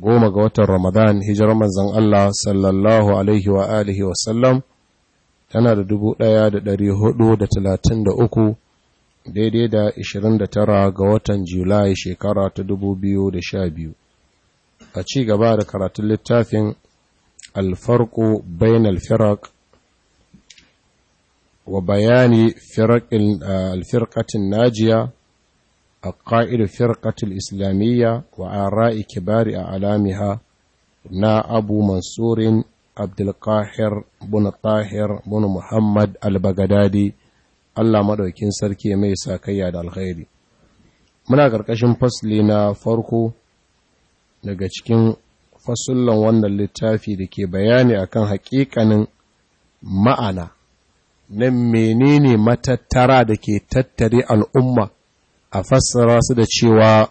goma ga watan Ramadan hijirar manzan Allah sallallahu alaihi wa alihi wa sallam tana da talatin da uku daidai da tara ga watan Julai shekara ta da 2012 a ci gaba da karatun littafin alfarko bain alfirak wa bayani alfirkatin najiya القائد فرقة الإسلامية وآراء كبار أعلامها نا أبو منصور عبد القاهر بن طاهر بن محمد البغدادي Allah maɗaukin sarki mai Sakayya da alkhairi muna ƙarƙashin fasli na farko daga cikin fasullan wannan littafi da ke bayani akan haƙiƙanin ma'ana na menene matattara da ke tattare al'umma a fassara su da cewa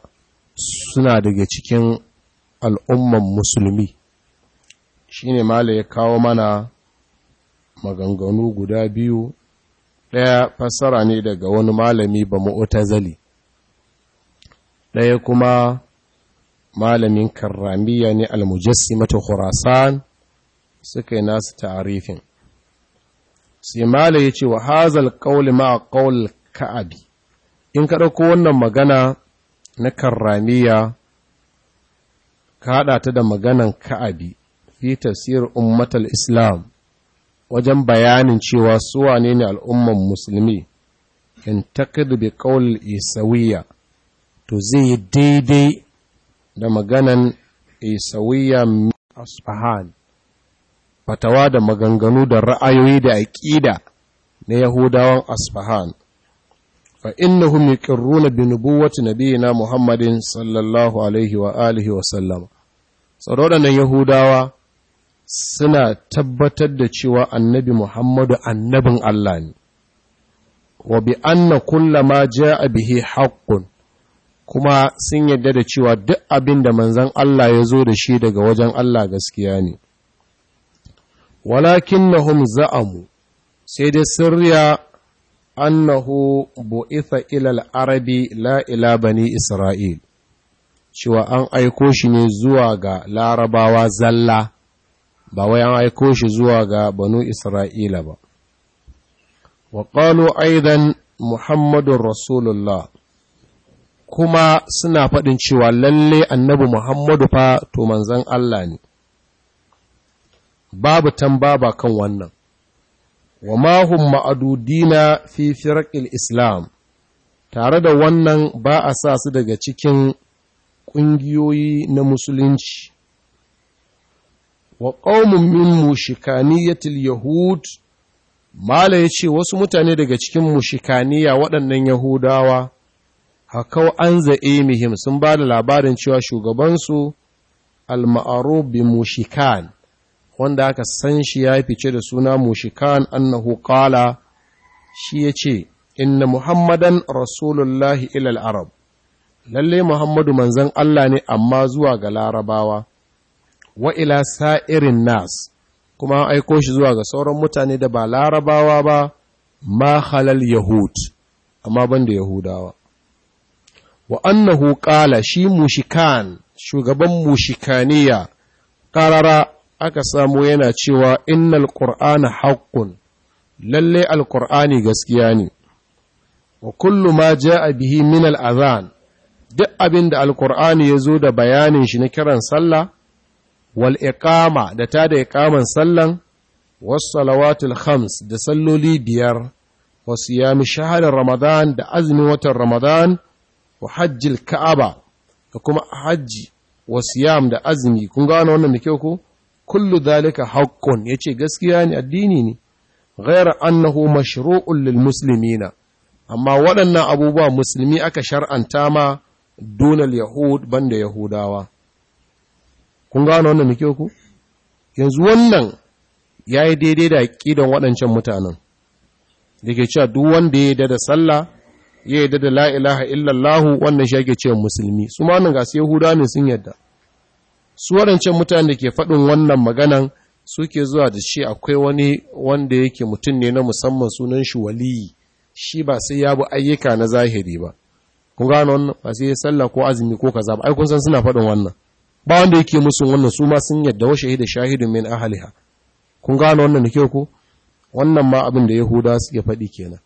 suna daga cikin al'umman musulmi shi ne mala ya kawo mana maganganu guda biyu ɗaya fassara ne daga wani malami ba zali ɗaya kuma malamin karramiya ne mata khurasan suka yi nasu tarifin sai mala ya ce wa hazal qawli ma qawl ka'abi in ka ɗauko wannan magana na karramiya ka haɗa ta da maganan ka'abi fi tafsir ummatal islam wajen bayanin cewa su ne ne al'umman musulmi in takadu bi ƙaunar isawiya to zai yi daidai da maganan isawiya asfahan fatawa da maganganu da ra'ayoyi da aƙida na yahudawan asfahan fa innahum yuqirruna bi nubuwwati nabiyina Muhammadin sallallahu alaihi wa alihi wa da nan yahudawa suna tabbatar da cewa annabi Muhammadu annabin Allah ne wa bi ma je a bihe haqqun kuma sun yadda da cewa duk abin da manzon Allah ya zo da shi daga wajen Allah gaskiya ne walakinnahum za'amu sai dai sirriya annahu bu'itha ilal arabi la ila bani isra'il cewa an aiko shi ne zuwa ga larabawa zalla ba wai an aiko shi zuwa ga banu isra'ila ba wa qalu aidan muhammadun rasulullah kuma suna faɗin cewa lalle annabi muhammadu fa to manzan Allah ne babu tamba ba kan wannan wa mahun ma'adudina fi firƙil islam tare da wannan ba a sa su daga cikin ƙungiyoyi na musulunci wa ƙaunin min mushikaniyatil yahud mala ya ce wasu mutane daga cikin mushikaniya waɗannan yahudawa hakau an za'e mihim sun ba da labarin cewa shugabansu al bi mushikan wanda aka san shi ya fice da suna mushikan annahu qala shi ya ce inna muhammadan rasulullahi ilal arab lalle muhammadu manzon Allah ne amma zuwa ga larabawa wa ila sa'irin nas kuma an aiko shi zuwa ga sauran mutane da ba larabawa ba ma halal yahud amma banda yahudawa wa annahu shi mushikan shugaban mushikaniya ƙarara. aka samu yana cewa innal qur'ana haqqun lalle alqur'ani gaskiya ne wa kullu ma jaa bihi min al'azan duk abin da alqur'ani ya zo da bayanin shi na kiran sallah wal iqama da ta da iqaman sallan was salawatul khams da salloli biyar wa siyami shaharar ramadan da azumin watan ramadan wa hajjil ka'aba da kuma hajji wa siyam da azumi kun gano wannan da kyau ko kullu zalika ya ce gaskiya ne addini ne ghayra annahu mashru'un lil muslimina amma waɗannan abubuwa musulmi aka shar'anta ma dunal yahud banda yahudawa kun gano wannan muke ku yanzu wannan yayi daidai da aqidan waɗancan mutanen dake cewa duk wanda ya yi da sallah ya yi da la ilaha illallah wannan shi yake cewa musulmi su ma nan ga sai yahudawa ne sun yadda. su waɗancan mutane da ke faɗin wannan maganan suke zuwa da shi akwai wani wanda yake mutum ne na musamman sunan shi waliyi shi ba sai ya bi ayyuka na zahiri ba kun gano wannan ba sai ya sallah ko azumi ko kaza ba ai kun san suna faɗin wannan ba wanda yake musu wannan su ma sun yadda wa shahida shahidun min ahliha kun gano wannan nake ko wannan ma abin da yahuda suke faɗi kenan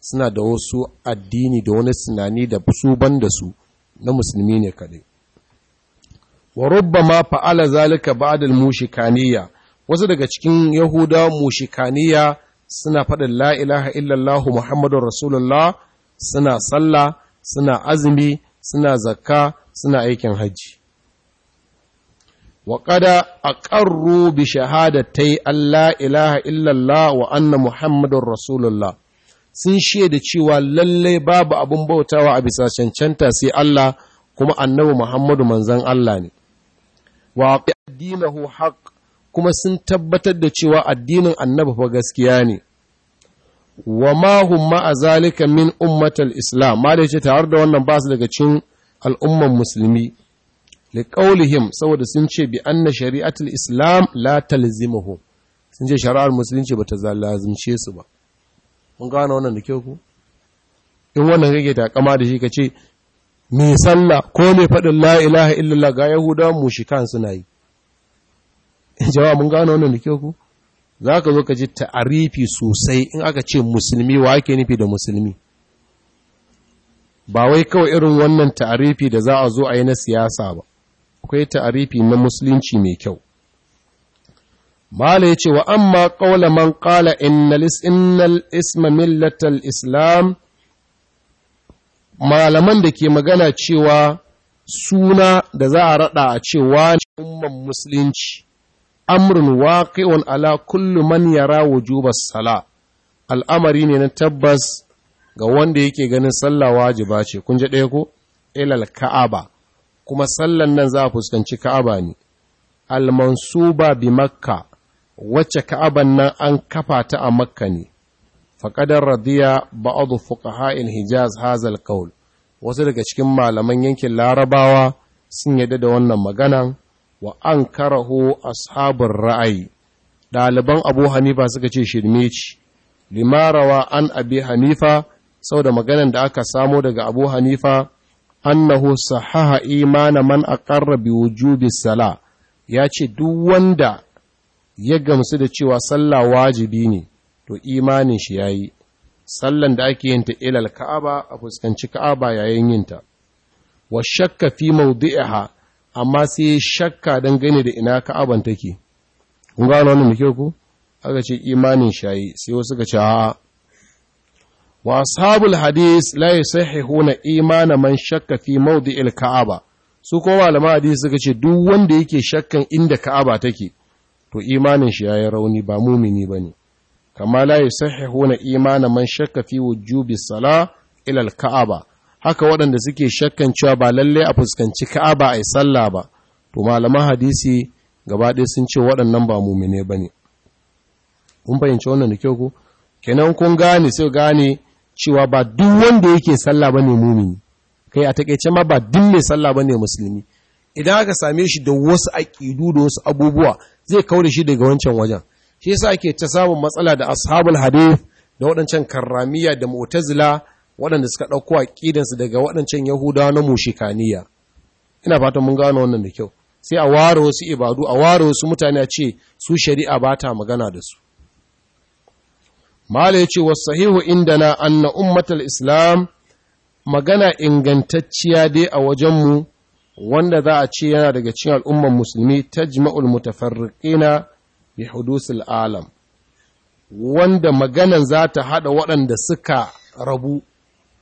suna da wasu addini da wani tunani da su ban da su na musulmi ne kadai. wa ma fa'ala zalika ba'da al-mushikaniya wasu daga cikin yahuda mushikaniya suna faɗin la ilaha illallah muhammadur rasulullah suna sallah suna azumi suna zakka suna aikin hajji wa qada aqarru bi shahadatai alla ilaha illallah wa anna muhammadur rasulullah sun shaida cewa lallai babu abin bautawa a bisa cancanta sai Allah kuma annabi Muhammadu manzon Allah ne wa addinahu haqq kuma sun tabbatar da cewa addinin annabi fa gaskiya ne wa ma hum ma azalika min ummatal islam ma da yace da wannan ba su daga cikin al'ummar musulmi Likaulihim saboda sun ce bi anna shari'atul islam la talzimuhu sun ce shari'ar musulunci bata lazimce su ba mun gane wannan da kyau ku in wannan kake takama da shi kace mai sallah ko mai faɗin la ilaha illallah ga shi, mushikan suna yi jama'a mun gano wannan da ke ku za ka zo ka ji ta'arifi sosai in aka ce musulmi wa ake nufi da musulmi ba wai kawai irin wannan ta'arifi da za a zo a yi na siyasa ba akwai ta'arifi na musulunci mai kyau mala ya ce wa amma ƙaula man ƙala innal isma millatal islam malaman da ke magana cewa suna da za a raɗa a cewa ne umman musulunci amrun waqi'un ala kullu man yara wujubas sala al'amari ne na tabbas ga wanda yake ganin sallah wajiba ce kun ji ɗaya ko ilal ka'aba kuma sallan nan za a fuskanci ka'aba ne al mansuba bi makka wacce ka'aban nan an kafa ta a makka ne faƙadar radiya بعض فقهاء hijaz hazal القول wasu daga cikin malaman yankin larabawa sun yadda da wannan magana wa an karahu ashabin ra'ayi ɗaliban abu hanifa suka ce shirmeci limarawa an abi hanifa sau da maganan da aka samo daga abu hanifa annahu sahaha imana man aqarra bi wujubi sala ya ce duk wanda ya gamsu da cewa sallah wajibi ne to imanin shi ya yi, sallan da ake yinta ilal ka'aba a fuskanci ka'aba yayin yinta wa shakka fi ha, amma sai shakka gani da ina ka'aban take kun gano wannan da kyau ku aka ce imanin shi ya yi, sai wasu suka ce a wa sabul hadis la yusahihuna imana man shakka fi mawdi'il ka'aba su ko malaman hadis suka ce duk wanda yake shakkan inda ka'aba take to imanin shi ya yi rauni ba mumini ne. kama la huna imana man shakka fi wujubi sala ilal kaaba haka waɗanda suke shakkan cewa ba lalle a fuskanci ka'aba ai sallah ba to malaman hadisi gaba ɗaya sun ce waɗannan ba mumine bane kun fahimci wannan da kyau ko kenan kun gane sai gane cewa ba duk wanda yake sallah bane mumini kai a takeice ma ba duk mai sallah bane musulmi idan aka same shi da wasu aƙidu da wasu abubuwa zai kaure shi daga wancan wajen shi yasa ake ta samun matsala da ashabul hadith da waɗancan karramiya da mu'tazila waɗanda suka ɗauko su daga waɗancan yahudawa na mushikaniya ina fatan mun gano wannan da kyau sai a ware wasu ibadu a ware wasu mutane a ce su shari'a ba ta magana da su mala ya ce sahihu indana anna ummatal islam magana ingantacciya dai a wajen mu wanda za a ce yana daga cikin al'ummar musulmi tajma'ul mutafarriqina bi hudusul alam wanda maganan za ta hada waɗanda suka rabu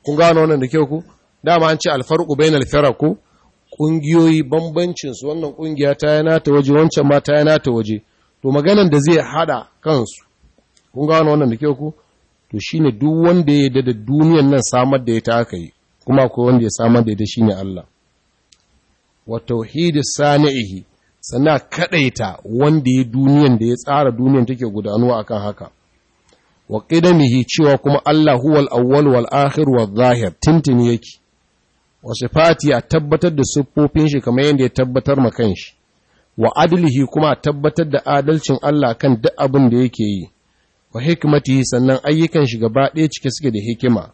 kun gano wannan da kyau ku dama an ce alfarqu bainal firaqu kungiyoyi bambancin su wannan kungiya ta yana ta waje wancan ma ta yana ta waje to maganan da zai hada kansu kun gano wannan da kyau ku to shine duk wanda ya yarda da duniyar nan samar da ita aka yi kuma akwai wanda ya samar da ita shine Allah wa tauhidus sani'ihi sannan kadaita wanda ya duniyan da ya tsara duniyan take gudanuwa akan haka wa qidamihi cewa kuma Allah huwal awwal wal akhir wal zahir tintini yake wa sifati a tabbatar da siffofin shi kamar yadda ya tabbatar ma kanshi wa adlihi kuma a tabbatar da adalcin Allah kan duk abin da yake yi wa hikmatihi sannan ayyukan shi gaba ɗaya cike suke da hikima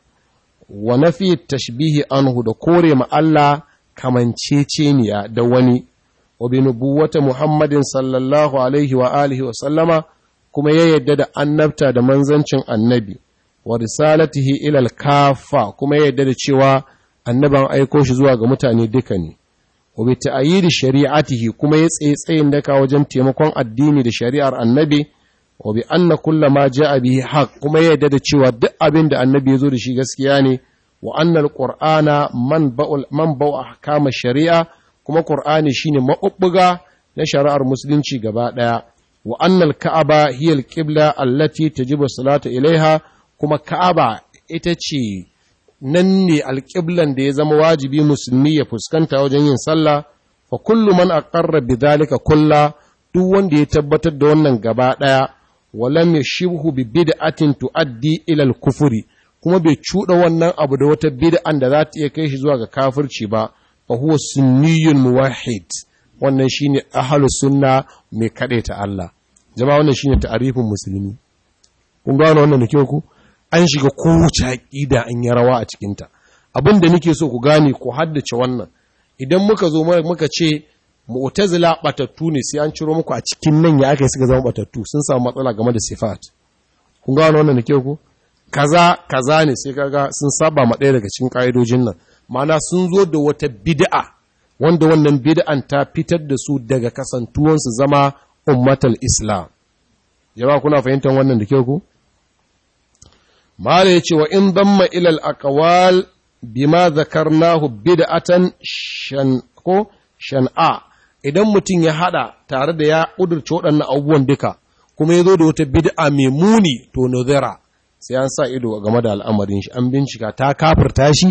wa nafi tashbihi anhu da kore ma Allah kamanceceniya da wani wa bi nubuwwata Muhammadin sallallahu alaihi wa wa sallama kuma ya yadda da annabta da manzancin annabi wa risalatihi ilal kafa kuma ya yadda da cewa annaban aiko shi zuwa ga mutane duka ne wa bi ta'yidi shari'atihi kuma ya tsaye daka wajen taimakon addini da shari'ar annabi wa bi anna kullu ma ja'a bihi kuma ya yadda da cewa duk abinda annabi ya zo da shi gaskiya ne wa anna alqur'ana man ba'ul man ba'u shari'a kuma ƙur'ani shine maɓuɓɓuga na shari'ar musulunci gaba ɗaya wa annal ka'aba hiyal qibla allati tajibu salatu ilaiha kuma ka'aba ita ce nan ne alƙiblan da ya zama wajibi musulmi ya fuskanta wajen yin sallah fa kullu man aqarra bidhalika kulla duk wanda ya tabbatar da wannan gaba ɗaya walam yashibhu bi bid'atin tuaddi ila al-kufri kuma bai cuɗa wannan abu da wata bid'an da za ta iya kai shi zuwa ga kafirci ba wa huwa sunniyun muwahhid wannan shine sunna mai kade ta Allah jama'a wannan ne ta'arifin musulmi kun gano wannan da ku an shiga kowace aqida an yi rawa a cikinta. Abin abinda nake so ku gane ku haddace wannan idan muka zo muka ce mu'tazila batattu ne sai an ciro muku a cikin nan ya aka suka zama batattu sun samu matsala game da sifat kun gano wannan da ku kaza kaza ne sai kaga sun saba ma ɗaya daga cikin ƙa'idojin nan Ma'ana sun zo da wata bid'a wanda wannan bid'an ta fitar da su daga kasantuwansu zama ummatal islam jama'a kuna fahimtar wannan da kyau ku mala yace wa in damma ila al aqwal bima zakarnahu bid'atan shan ko shan'a idan mutum ya hada tare da ya kudurce waɗannan abubuwan duka kuma ya zo da wata bid'a mai muni to nuzira sai an sa ido game da al'amarin shi an bincika ta kafirta shi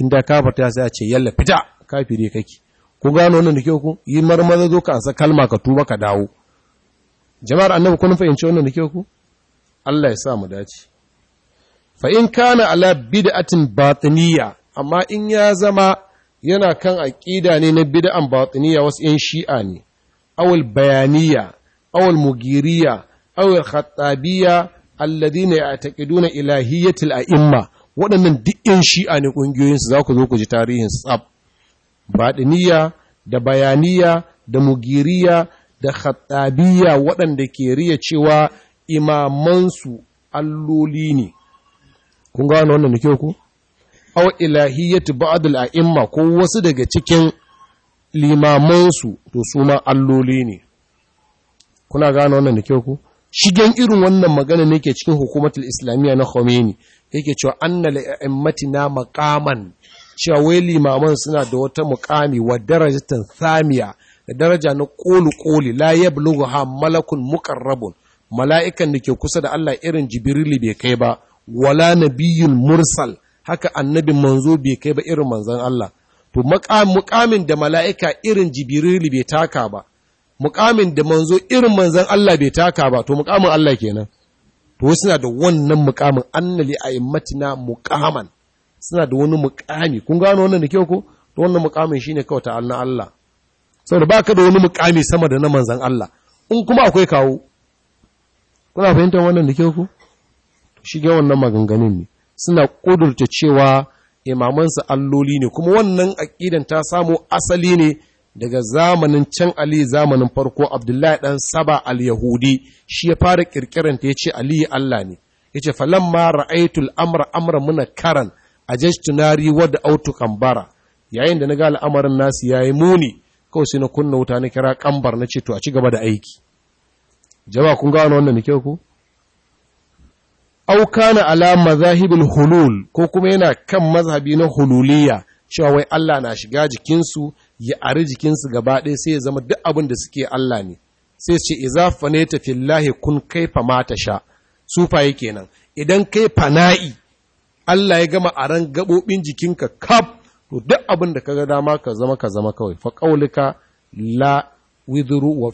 inda ka fita sai a ce yalla fita kafire kake ku gano wannan da ke ku yi marmaza zo ka ansa kalma ka tuba ka dawo jama'ar annabi kun fahimci wannan da ke ku Allah ya sa mu dace fa in kana ala bid'atin batiniya amma in ya zama yana kan aƙida ne na bid'an batiniya wasu yan shi'a ne awal bayaniya awal mugiriya awal khattabiya alladhina ya'taqiduna ilahiyatil a'imma waɗannan duk shi'a ne ƙungiyoyinsu za ku zo ku ji tarihin tsab baɗiniya da bayaniya da mugiriya da khattabiya waɗanda ke riya cewa imamansu alloli ne kun gano wannan nake ku aw ilahiyyatu ba'd a imma ko wasu daga cikin limamansu to su ma alloli ne kuna gano wannan nake ku shigen irin wannan magana ne ke cikin hukumatul islamiyya na Khomeini yake cewa annal na maqaman cewa wai limaman suna da wata muqami wa darajatan samiya da daraja na koli koli la ha malakun muqarrabun mala'ikan da ke kusa da Allah irin jibrili bai kai ba wala nabiyyun mursal haka annabi manzo bai kai ba irin manzon Allah to muqamin da mala'ika irin jibrili bai taka ba muqamin da manzo irin manzon Allah bai taka ba to muqamin Allah kenan to suna da wannan mukamin annali a immatina mukaman suna da wani mukami kun gano wannan da kyau ko to wannan mukamin shine kawai ta Allah Allah saboda baka da wani mukami sama da na manzon Allah in kuma akwai kawo kuna fahimtar wannan da kyau ko to shi ga wannan maganganun ne suna kudurta cewa imamansu alloli ne kuma wannan aqidan ta samo asali ne daga zamanin can Ali zamanin farko Abdullahi dan Saba al-Yahudi shi ya fara kirkiran ta yace Ali Allah ne yace falamma ra'aytul amra amra muna karan ajajtunari wad autu kambara yayin da naga al'amarin nasu yayi muni kawai sai na kunna wuta na kira kambar na ce to a ci gaba da aiki jama'a kun gano wannan ne ku au kana ala mazahibul hulul ko kuma yana kan mazhabi na hululiyya cewa wai Allah na shiga jikinsu ya ari jikinsu gaba ɗaya sai ya zama duk abin da suke Allah ne sai ce iza faneta fillahi kun kai famata sha sufaye kenan idan kai fana'i Allah ya gama aran gabobin jikinka kaf to duk abin da kaga dama ka zama ka zama kawai fa qaulika la widru wa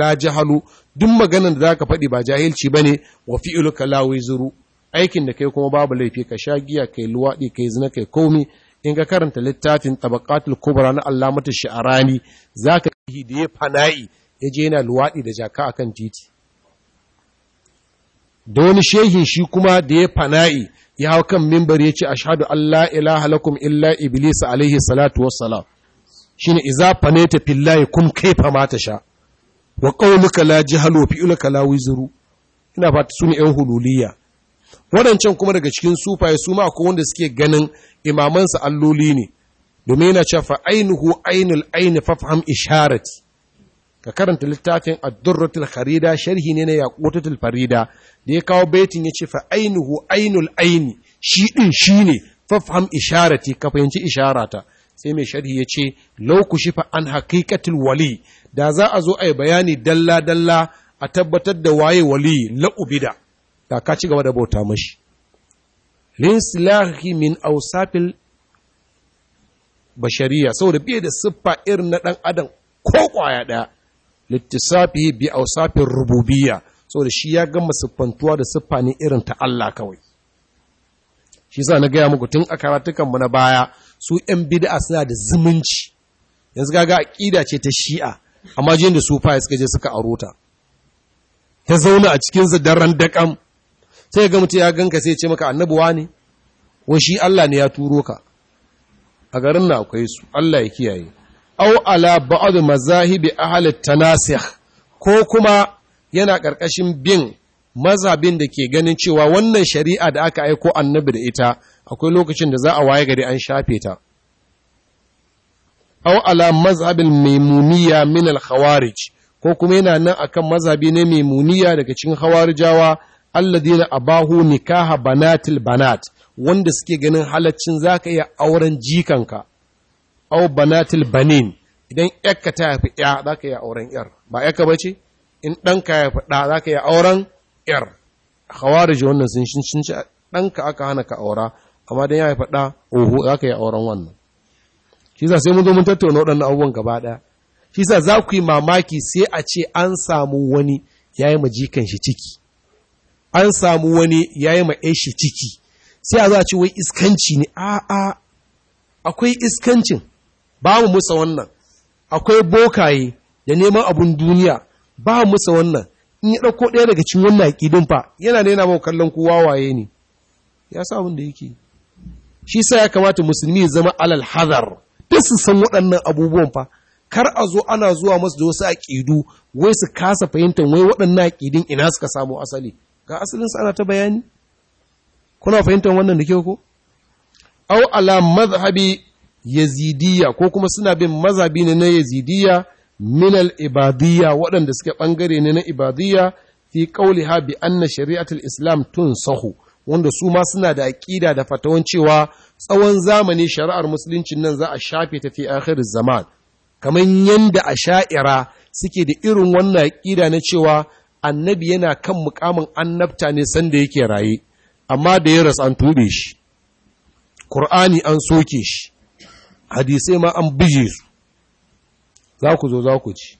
la jahalu duk maganar da zaka faɗi ba jahilci bane wa fi'luka la wizru aikin da kai kuma babu laifi ka sha giya kai luwaɗi kai zina kai komai in ka karanta littafin tabakatul kubra na allamatu sha'arani ka yi da ya fana'i ya je yana luwaɗi da jaka a kan titi da wani shehin shi kuma da ya fana'i ya hau kan mimbar ya ce a an allah ilaha lakum illa iblis alaihi salatu wassalam shine idza fanata fillahi kum fama ta sha? wa qawluka la jahalu fi ulaka la wizru ina fata sune yan hululiya waɗancan kuma daga cikin sufaye su ma ko wanda suke ganin imamansa alloli ne domin yana cewa ainihu ainul aini fafham isharati ka karanta littafin ad-durratul kharida sharhi ne na yaqutatul farida da ya kawo baitin ya ce fa ainihu ainul aini shi din shine fafham isharati ka fahimci isharata sai mai sharhi ya ce law fa an haqiqatul wali da za a zo a yi bayani dalla dalla a tabbatar da waye wali la'ubida da ka ci gaba da bauta mashi linsilahi min ausafil bashariya saboda biye da siffa irin na ɗan adam ko kwaya ɗaya littisafi bi ausafin rububiya saboda shi ya gama siffantuwa da siffa ne irin ta Allah kawai shi sa na gaya muku tun a karatukan mu na baya su yan bid'a suna da zumunci yanzu kaga aqida ce ta shi'a amma jin da su fa suka je suka arota ta zauna a cikin su dakam sai ga mutum ya ganka sai ce maka annabuwa ne wa shi Allah ne ya turo ka a garin na akwai su Allah ya kiyaye au ala ba'd mazahibi ahli tanasikh ko kuma yana karkashin bin mazhabin da ke ganin cewa wannan shari'a da aka aiko annabi da ita akwai lokacin da za a waye gari an shafe ta au ala mazhabin maimuniya min al-khawarij ko kuma yana nan akan mazhabi ne maimuniya daga cikin khawarijawa alladina abahu nikaha banatil banat wanda suke ganin halaccin zaka iya auren jikanka au banatil banin idan yakka ta haifi ya zaka iya auren yar ba yakka ce in ɗanka ya haifi ɗa zaka iya auren yar khawarij wannan sun shin shin ɗanka aka hana ka aura amma dan ya haifi ɗa oho zaka iya auren wannan shi sai mun zo mun tattauna waɗannan abubuwan gaba ɗaya shi za ku yi mamaki sai a ce an samu wani ya yi majikan shi ciki an samu wani ya yi ma'e ciki sai a za ci wai iskanci ne a a akwai iskancin ba mu musa wannan akwai bokaye da neman abun duniya ba mu musa wannan in ya ɗauko ɗaya daga cikin wannan aƙidin fa yana nena kallon kowa waye ne ya sa abin da yake shi sa ya kamata musulmi ya zama alal hadar duk su san waɗannan abubuwan fa kar a zo ana zuwa masu da wasu aƙidu wai su kasa fahimtar wai waɗannan aƙidin ina suka samu asali ga asalin ana ta bayani kuna fahimtar wannan da kyau ko aw ala madhhabi yazidiyya ko kuma suna bin mazhabi ne na yazidiyya min al ibadiyya waɗanda suke bangare ne na ibadiyya fi qawliha bi anna shari'atul islam tun sahu, wanda su ma suna da aƙida da fatawan cewa tsawon zamani shari'ar musuluncin nan za a shafe ta fi akhir zaman kamar yanda sha'ira suke da irin wannan aƙida na cewa annabi yana kan mukamin annabta ne sanda yake raye amma da ya rasu an tube shi ƙur'ani an soke shi hadisai ma an bije su za ku zo za ku ci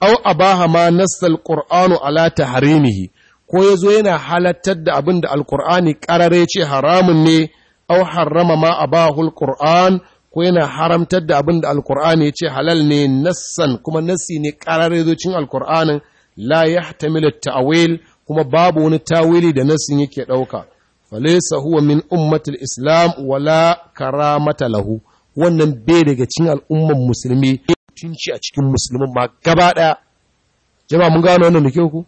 au abaha ma nassal qur'anu ala taharimihi ko ya zo yana halattar da abin da alƙur'ani ƙarare ce haramun ne au harrama ma abahul qur'an ko yana haramtar da abin da alƙur'ani ce halal ne nassan kuma nassi ne ƙararre zocin alƙur'anin la tamila ta'awil kuma babu wani tawili da nasin yake ɗauka falesa huwa min ummatul islam wala karamata lahu wannan bai daga cikin al'umman musulmi tunci a cikin musulmin ma gaba ɗaya jama'a mun gano wannan dake ku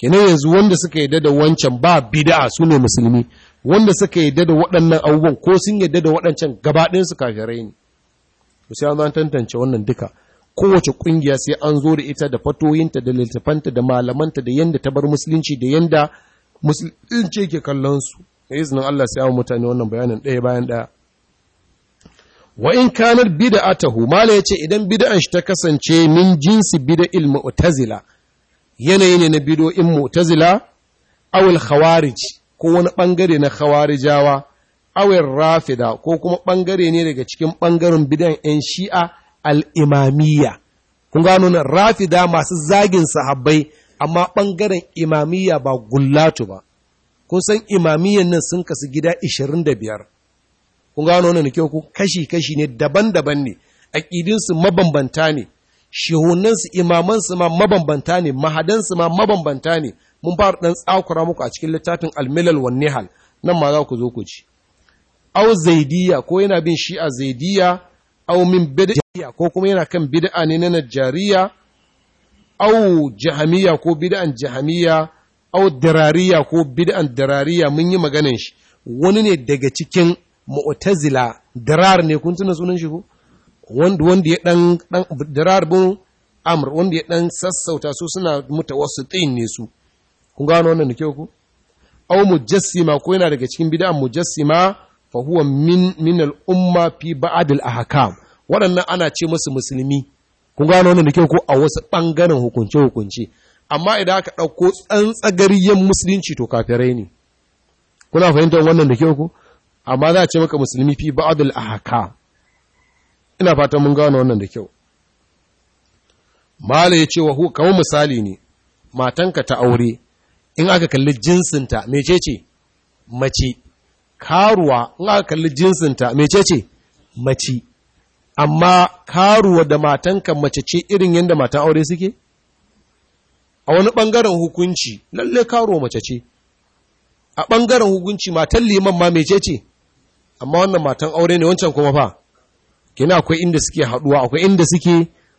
kenan yanzu wanda suka yadda da wancan ba bid'a su ne musulmi wanda suka yadda da waɗannan abubuwan ko sun yadda da waɗancan gaba ɗayan su kafirai ne Ku sai an tantance wannan duka kowace kungiya sai an zo da ita da fatoyinta da littafanta da malamanta da yanda ta bar musulunci da yanda musulunci ke kallon su da izinin Allah sai an mutane wannan bayanin ɗaya bayan ɗaya wa in kanar bid'atahu mala yace idan bid'an shi ta kasance min jinsi bid'il mu'tazila yanayi ne na bid'o'in mu'tazila awil khawarij ko wani bangare na khawarijawa awil rafida ko kuma bangare ne daga cikin bangaren bid'an yan shi'a al'imamiyya kun gano nan rafida masu zagin sahabbai amma ɓangaren imamiyya ba gullatu ba kun san imamiyyan nan sun kasu gida 25 kun gano nan kyau ku kashi-kashi ne daban-daban ne aƙidinsu mabambanta ne shehunansu imamansu ma mabambanta ne mahadansu ma mabambanta ne mun fara ɗan tsakura muku a cikin littafin almilal wa nihal nan ma za ku zo ku ci au zaidiya ko yana bin shi a zaidiya au min bid'a salafiya ko kuma yana kan bid'a ne na najariya au jahamiya ko bid'an jahamiya au dirariya ko bid'an dirariya mun yi maganin shi wani ne daga cikin mu'tazila dirar ne kun tuna sunan shi ko wanda wanda ya dan dan dirar bin amr wanda ya dan sassauta su suna mutawassitin ne su kun gano wannan da ke ku au mujassima ko yana daga cikin bid'an mujassima fa huwa min min al-umma fi ba'd al-ahkam waɗannan ana ce musu musulmi kun gano wannan da kyau ko a wasu ɓangaren hukunce-hukunce amma idan aka ɗauko tsantsagariyar musulunci to kafirai ne kuna fahimtar wannan da kyau ko amma za a ce maka musulmi fi ba'adul ahaka ina fatan mun gano wannan da kyau mala ya ce wa hu kamar misali ne matanka ta aure in aka kalli jinsinta mecece mace karuwa in aka kalli jinsinta mecece mace amma karuwa da matanka mace ce irin yadda matan aure suke? A wani ɓangaren hukunci, lalle karuwa mace ce, a ɓangaren hukunci matan liman ma mece ce, amma wannan matan aure ne wancan kuma fa, kina akwai inda suke haɗuwa, akwai inda suke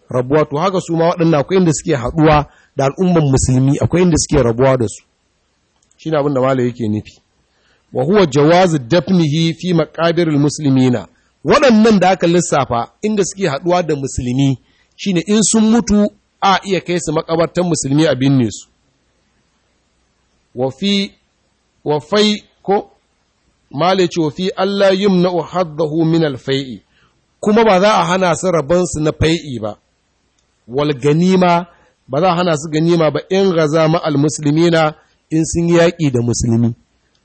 rabuwa, to haka su ma waɗannan akwai inda suke haɗuwa da al'umman musulmi, akwai inda suke rabuwa da su. Shi na abin da Malam yake nufi. Wa huwa jawazu dafnihi fi maqabiril muslimina. waɗannan da aka lissafa inda suke haɗuwa da musulmi shine in sun mutu a iya kai su makabartan musulmi a binne su wafi wafai ko malice wafi Allah na haddahu min alfai'i kuma ba za a hana su rabon su na fai'i ba wal ganima ba za a hana su ganima ba in gaza ma'al musulmi na in sun yaƙi da musulmi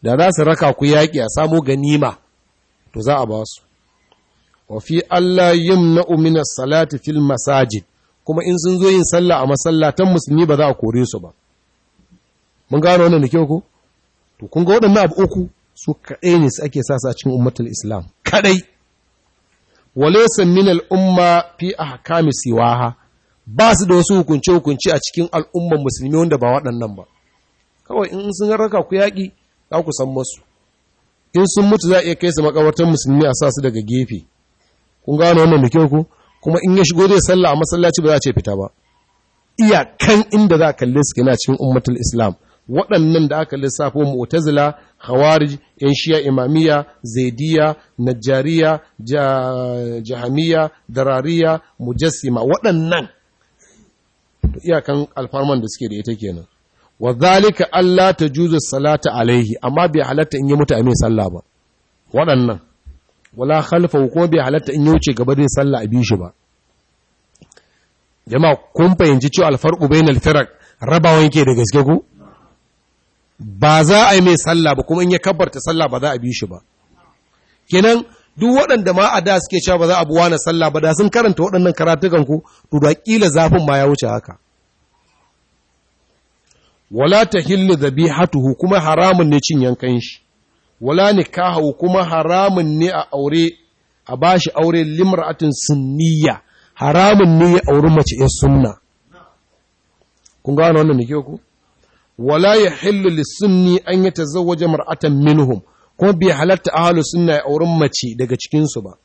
da za su raka ku yaƙi a samo ganima to za a ba su wa fi Allah yin na'umina salatu salati fil masajid kuma in sun zo yin sallah a masallatan musulmi ba za a kore su ba mun gano wannan da kyau ko to kun ga waɗannan abu uku su kaɗai ne su ake sa cikin ummatul islam kaɗai wale min al-umma fi ahkami siwaha ba su da wasu hukunce hukunce a cikin al'umman musulmi wanda ba waɗannan ba kawai in sun raka ku yaƙi za ku san masu in sun mutu za a iya kai su makawatan musulmi a sa su daga gefe kun gano wannan da kyau ku kuma in ya shigo zai sallah a masallaci ba za a ce fita ba iyakan inda za a kalle su kina cikin ummatul islam waɗannan da aka lissafo mu'tazila khawarij yan shiya imamiya zaidiya Najeriya, jahamiya darariya mujassima waɗannan iyakan alfarman da suke da ita kenan wa zalika Allah ta juzu salata alaihi amma bai halatta in yi mutane sallah ba waɗannan wala khalfa ko bai halatta in yauce gaba zai sallah a bishi ba jama'a kun fahimci cewa alfarqu bainal firaq rabawa yake da gaske ku ba za a yi mai sallah ba kuma in ya kabbarta sallah ba za a bishi ba kenan duk waɗanda ma a da suke cewa ba za a buwa na sallah ba da sun karanta waɗannan karatukan ku to da kila zafin ma ya wuce haka wala tahillu dhabihatuhu kuma haramun ne cin yankan shi wala nikahu kuma haramun ne a aure a bashi aure limra'atin sunniya haramun ne ya auri mace ya sunna kun gano wannan nake ku wala yahillu sunni an yatazawwaja mar'atan minhum kuma bai halatta ahlu sunna ya auri mace daga cikin su ba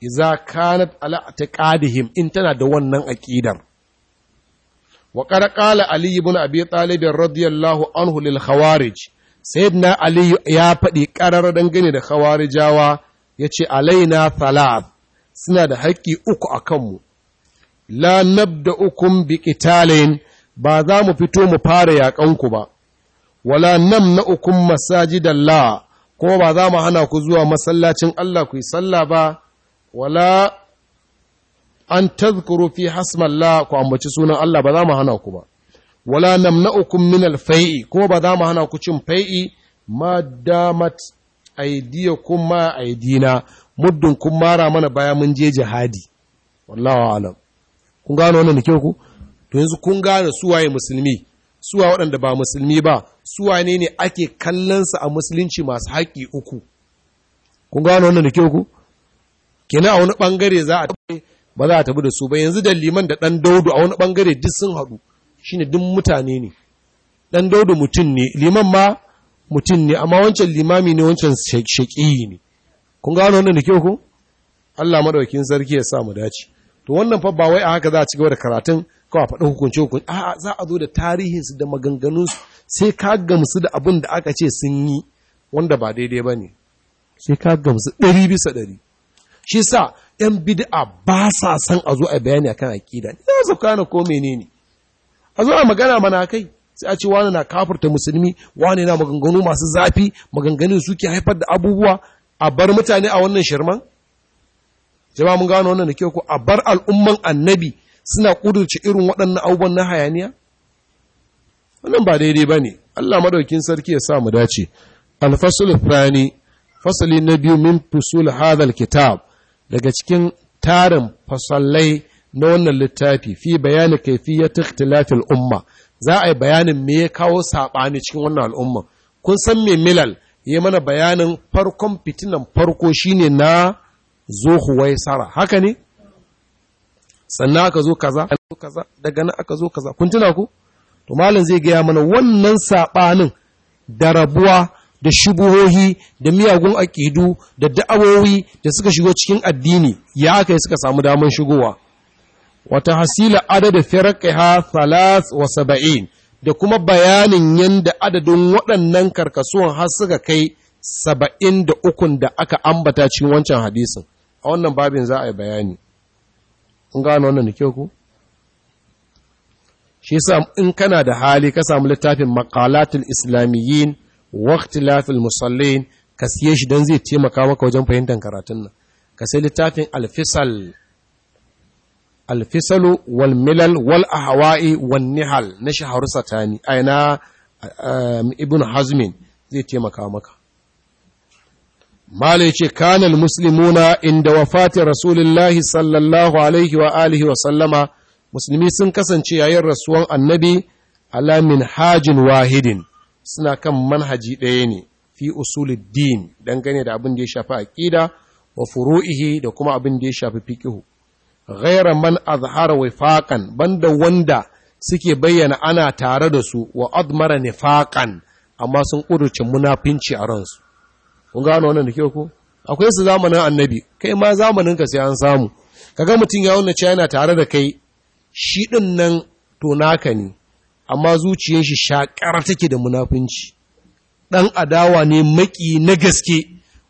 iza kanat ala taqadihim in tana da wannan aqidar wa qad qala ali ibn abi talib radiyallahu anhu lil khawarij sayyidina ali ya faɗi ƙarar dangane da khawarijawa ya ce alaina thalath suna da haƙƙi uku a kanmu la nabda ukun bi qitalin ba za mu fito mu fara yaƙanku ba wala nam na ukun masajidallah ko ba za mu hana ku zuwa masallacin Allah ku yi sallah ba wala an tazkuru fi hasmallah ku ambaci sunan Allah ba za mu hana ku ba wala namna'ukum min alfai'i ko ba za mu hana ku cin fai'i ma damat aidiyakum ma aidina muddin kun mara mana baya mun je jihadi wallahu alam kun gano wannan kyau ku to yanzu kun gano suwaye musulmi suwa waɗanda ba musulmi ba suwa ne ne ake kallon su a musulunci masu haƙi uku kun gano wannan kyau ku kina a wani bangare za a ba za a tabi da su ba yanzu da liman da ɗan daudu a wani bangare duk sun haɗu shine duk mutane ne dan daudu mutum ne liman ma mutum ne amma wancan limami ne wancan shaƙi ne kun gano wannan da kyau ko Allah madaukakin sarki ya sa mu dace to wannan fa ba wai a haka za a ci gaba da karatun kawai faɗi hukunci hukunci a'a za a zo da tarihinsu da maganganunsu sai ka gamsu da abin da aka ce sun yi wanda ba daidai ba ne sai ka gamsu ɗari bisa ɗari shi sa ‘yan bid'a ba sa san a zo a bayani akan aƙida ya su ko menene a zo a magana mana kai sai a ce wani na kafurta musulmi wani na maganganu masu zafi maganganun suke haifar da abubuwa a bar mutane a wannan shirman jama'a mun gano wannan da kyau ko a bar al'umman annabi suna kudurce irin waɗannan abubuwan na hayaniya wannan ba daidai ba ne allah madaukin sarki ya sa mu dace alfasul thani fasali na biyu min fusul hadal kitab daga cikin tarin fasallai na wannan littafi fi bayani kaifiyat ikhtilafil umma za a yi bayanin me ya kawo saɓani cikin wannan al'umma kun san me milal ya mana bayanin farkon fitinan farko shine na zuhuwai sara haka ne sannan aka zo kaza daga nan aka zo kaza kun tuna ku to malam zai gaya mana wannan saɓanin da rabuwa da shubuhohi da miyagun aƙidu da da'awowi da suka shigo cikin addini ya aka yi suka samu damar shigowa wa tahsila adad firqiha 73 da kuma bayanin yanda adadin waɗannan karkasuwan har suka kai saba'in da aka ambata cikin wancan hadisin a wannan babin za a yi bayani kun gano wannan da ku shi sa in kana da hali ka samu littafin maqalatul islamiyyin wa ikhtilafil musallin ka siye shi dan zai taimaka maka wajen fahimtar karatun nan ka sai littafin alfisal alfisalu wal milal wal ahwa'i wan nihal na shaharu satani aina um, ibn hazmin zai taimaka maka mala ce kanal muslimuna inda wafati rasulullahi sallallahu alaihi wa alihi wa sallama musulmi sun kasance yayin rasuwan annabi ala min hajin wahidin suna kan manhaji ɗaya ne fi usuluddin dangane da abin da ya shafi aqida wa furu'ihi da kuma abin da ya shafi fiqhu ghaira man azhara wifaqan banda wanda suke bayyana ana tare da su wa admara nifaqan amma sun ƙudurce munafinci a ransu kun gano wannan da ke ko akwai su zamanin annabi kai ma zamanin ka sai an samu Ka ga mutum ya wannan cewa tare da kai shi din nan to ne amma zuciyar shi shakar take da munafunci. dan adawa ne maki na gaske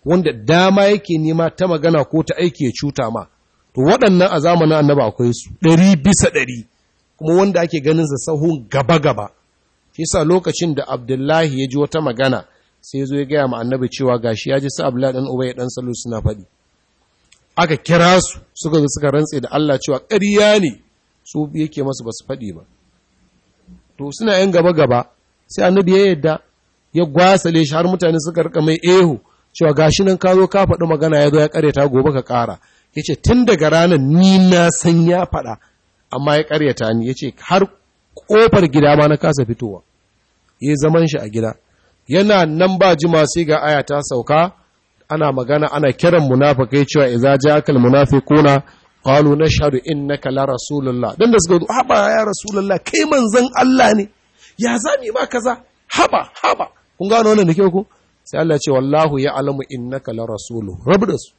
wanda dama yake nema ta magana ko ta aiki ya cuta ma to waɗannan a zamanin annaba akwai su ɗari bisa ɗari kuma wanda ake ganin sa sahun gaba-gaba shi sa lokacin da abdullahi ya ji wata magana sai ya zo ya gaya ma annabi cewa gashi ya ji sa abdullahi ɗan ya ɗan salo suna faɗi aka kira su suka zo suka rantse da Allah cewa ƙarya ne su yake masu ba su faɗi ba to suna yan gaba-gaba sai annabi ya yadda ya gwasale shi har mutane suka rika mai ehu cewa gashi nan ka zo ka faɗi magana ya zo ya ƙareta gobe ka ƙara ya ce tun daga ranar ni na san ya faɗa amma ya ƙaryata ni ya ce har ƙofar gida ma na kasa fitowa ya yi zaman shi a gida yana nan ba jima sai ga aya ta sauka ana magana ana kiran munafikai cewa idza ja'aka almunafiquna qalu nashhadu innaka la rasulullah dan da suka haba ya rasulullah kai manzon Allah ne ya zame ma kaza haba haba kun gano wannan da kyau ko sai Allah ya ce wallahu ya alamu innaka la rasuluhu rabu da su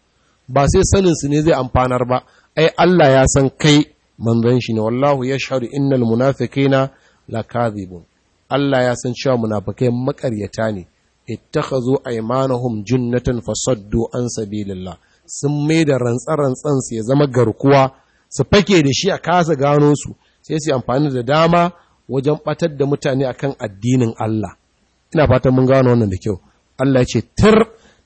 ba sai saninsu ne zai amfanar ba ai Allah ya san kai manzon shi ne wallahu ya inna innal munafiqina lakadhibun Allah ya san cewa munafikai makaryata ne ittakhazu aymanahum jinnatan fasaddu an sabilillah sun mai da rantsa-rantsan su ya zama garkuwa su fake da shi a kasa gano su sai su amfani da dama wajen batar da mutane akan addinin Allah ina fatan mun gano wannan da kyau Allah ya ce tir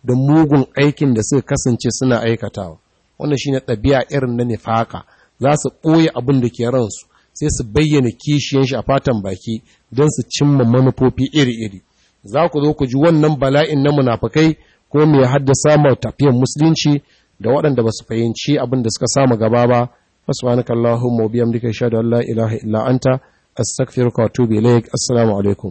da mugun aikin da suka kasance suna aikatawa wannan shine ɗabi'a irin na nifaka za su ɓoye abin da ke ransu sai su bayyana kishiyan shi a fatan baki don su cimma manufofi iri-iri za ku zo ku ji wannan bala'in na munafukai ko mai haddasa ma tafiyan musulunci da waɗanda ba su fahimci abin da suka samu gaba ba subhanaka allahumma wa bihamdika ashhadu an la ilaha illa anta astaghfiruka wa atubu assalamu alaikum